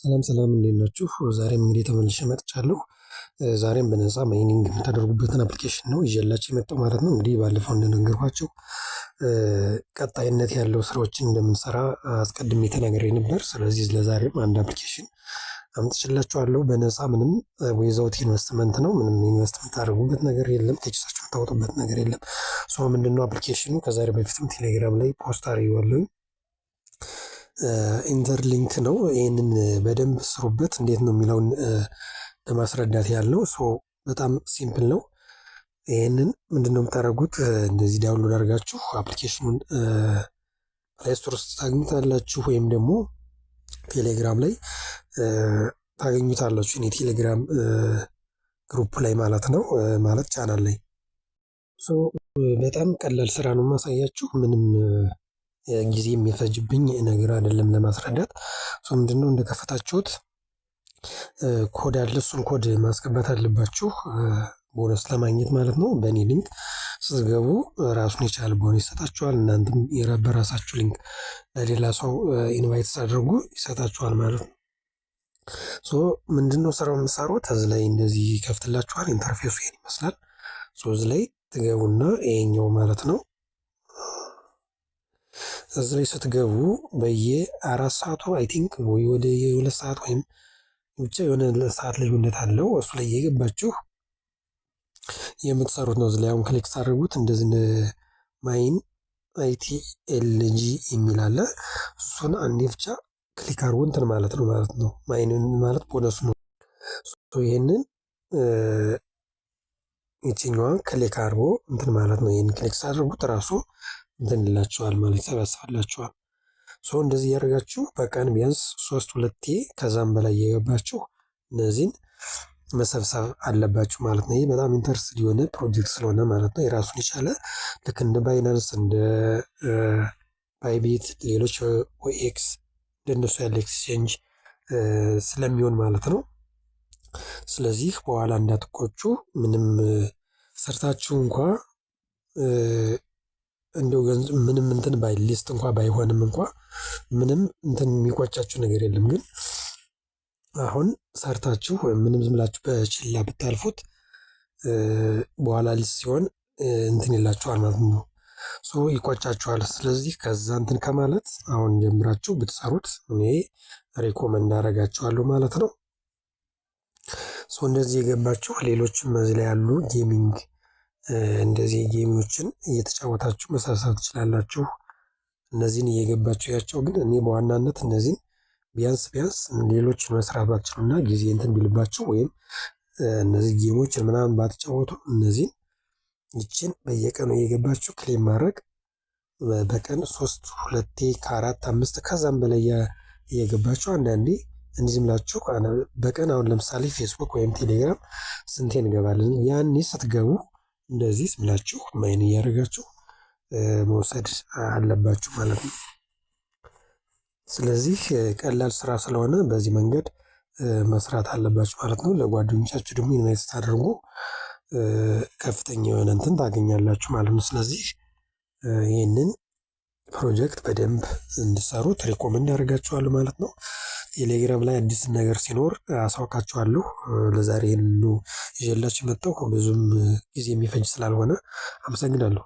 ሰላም ሰላም እንዴት ናችሁ? ዛሬም እንግዲህ ተመልሼ መጥቻለሁ። ዛሬም በነፃ ማይኒንግ የምታደርጉበትን አፕሊኬሽን ነው ይዤላችሁ የመጣው ማለት ነው። እንግዲህ ባለፈው እንደነገርኳችሁ ቀጣይነት ያለው ስራዎችን እንደምንሰራ አስቀድሜ ተናግሬ ነበር። ስለዚህ ለዛሬም አንድ አፕሊኬሽን አምጥቼላችኋለሁ በነፃ ምንም ወይዘውት ኢንቨስትመንት ነው። ምንም ኢንቨስትመንት ታደርጉበት ነገር የለም። ቴክሳችሁ የምታወጡበት ነገር የለም። ሶ ምንድነው አፕሊኬሽኑ ከዛሬ በፊትም ቴሌግራም ላይ ፖስት አድርጌዋለሁ። ኢንተርሊንክ ነው ይህንን በደንብ ስሩበት እንዴት ነው የሚለውን ለማስረዳት ያለው ሶ በጣም ሲምፕል ነው። ይህንን ምንድነው የምታደርጉት? እንደዚህ ዳውንሎድ አድርጋችሁ አፕሊኬሽኑን ፕሌይ ስቶር ውስጥ ታገኙታላችሁ ወይም ደግሞ ቴሌግራም ላይ ታገኙታላችሁ። እኔ ቴሌግራም ግሩፕ ላይ ማለት ነው ማለት ቻናል ላይ በጣም ቀላል ስራ ነው የማሳያችሁ ምንም ጊዜ የሚፈጅብኝ ነገር አይደለም ለማስረዳት። ምንድነው እንደከፈታችሁት ኮድ አለ እሱን ኮድ ማስገባት አለባችሁ። ቦነስ ለማግኘት ማለት ነው። በእኔ ሊንክ ስትገቡ ራሱን የቻለ ቦነስ ይሰጣችኋል። እናንተም ራሳችሁ ሊንክ ለሌላ ሰው ኢንቫይት ሳደርጉ ይሰጣችኋል ማለት ነው። ሶ ምንድነው ስራው የምሰራው እዚህ ላይ እንደዚህ ይከፍትላችኋል። ኢንተርፌሱ ይሄን ይመስላል። ሶ እዚህ ላይ ትገቡና ይሄኛው ማለት ነው እዚ ላይ ስትገቡ አራት ሰዓቱ አይ ቲንክ ወይ ወደ የሁለት ሰዓት ወይም ብቻ የሆነ ሰዓት ልዩነት አለው። እሱ ላይ የገባችሁ የምትሰሩት ነው። እዚ ላይ አሁን ክሊክ ሳደርጉት እንደዚህ ማይን አይቲ ኤልጂ የሚል አለ። እሱን አንዴ ብቻ ክሊክ አድርጉ እንትን ማለት ነው ማለት ነው። ማይን ማለት ቦነሱ ነው። ይህንን የትኛዋን ክሊክ አድርጎ እንትን ማለት ነው። ይህን ክሊክ ሳደርጉት ራሱ እንትንላችኋል ማለት ይሰበስብላችኋል። ሶ እንደዚህ እያደረጋችሁ በቀን ቢያንስ ሶስት ሁለቴ ከዛም በላይ እየገባችሁ እነዚህን መሰብሰብ አለባችሁ ማለት ነው። ይህ በጣም ኢንተረስትድ የሆነ ፕሮጀክት ስለሆነ ማለት ነው። የራሱን የቻለ ልክ እንደ ባይናንስ እንደ ባይቤት ሌሎች ኦኤክስ እንደነሱ ያለ ኤክስቼንጅ ስለሚሆን ማለት ነው። ስለዚህ በኋላ እንዳትቆጩ ምንም ሰርታችሁ እንኳ እንደው ገንዘብ ምንም እንትን ባይ ሊስት እንኳን ባይሆንም እንኳን ምንም እንትን የሚቆጫችሁ ነገር የለም። ግን አሁን ሰርታችሁ ወይም ምንም ዝም ብላችሁ በችላ ብታልፉት በኋላ ሊስት ሲሆን እንትን ይላችኋል ማለት ነው። ሶ ይቆጫችኋል። ስለዚህ ከዛ እንትን ከማለት አሁን ጀምራችሁ ብትሰሩት እኔ ሪኮመንድ አረጋችኋለሁ ማለት ነው። ሶ እንደዚህ የገባችሁ ሌሎችም መዝላ ላይ ያሉ ጌሚንግ እንደዚህ ጌሞችን እየተጫወታችሁ መሳሳብ ትችላላችሁ። እነዚህን እየገባችሁ ያቸው ግን እኔ በዋናነት እነዚህን ቢያንስ ቢያንስ ሌሎችን መስራት ባትችሉና ጊዜ እንትን ቢልባቸው ወይም እነዚህ ጌሞችን ምናምን ባትጫወቱ እነዚህን ይችን በየቀኑ እየገባችሁ ክሌም ማድረግ በቀን ሶስት ሁለቴ ከአራት አምስት ከዛም በላይ እየገባችሁ አንዳንዴ እንዲህ ዝም በቀን አሁን ለምሳሌ ፌስቡክ ወይም ቴሌግራም ስንቴ እንገባለን? ያኔ ስትገቡ እንደዚህ ብላችሁ ማይን እያደረጋችሁ መውሰድ አለባችሁ ማለት ነው። ስለዚህ ቀላል ስራ ስለሆነ በዚህ መንገድ መስራት አለባችሁ ማለት ነው። ለጓደኞቻችሁ ደግሞ ዩናይት አድርጎ ከፍተኛ የሆነ እንትን ታገኛላችሁ ማለት ነው። ስለዚህ ይህንን ፕሮጀክት በደንብ እንድሰሩት ሪኮመንድ ያደርጋችኋል ማለት ነው። ቴሌግራም ላይ አዲስ ነገር ሲኖር አሳውቃችኋለሁ። ለዛሬ ይሄንን ነው ይዤላችሁ የመጣሁ ብዙም ጊዜ የሚፈጅ ስላልሆነ አመሰግናለሁ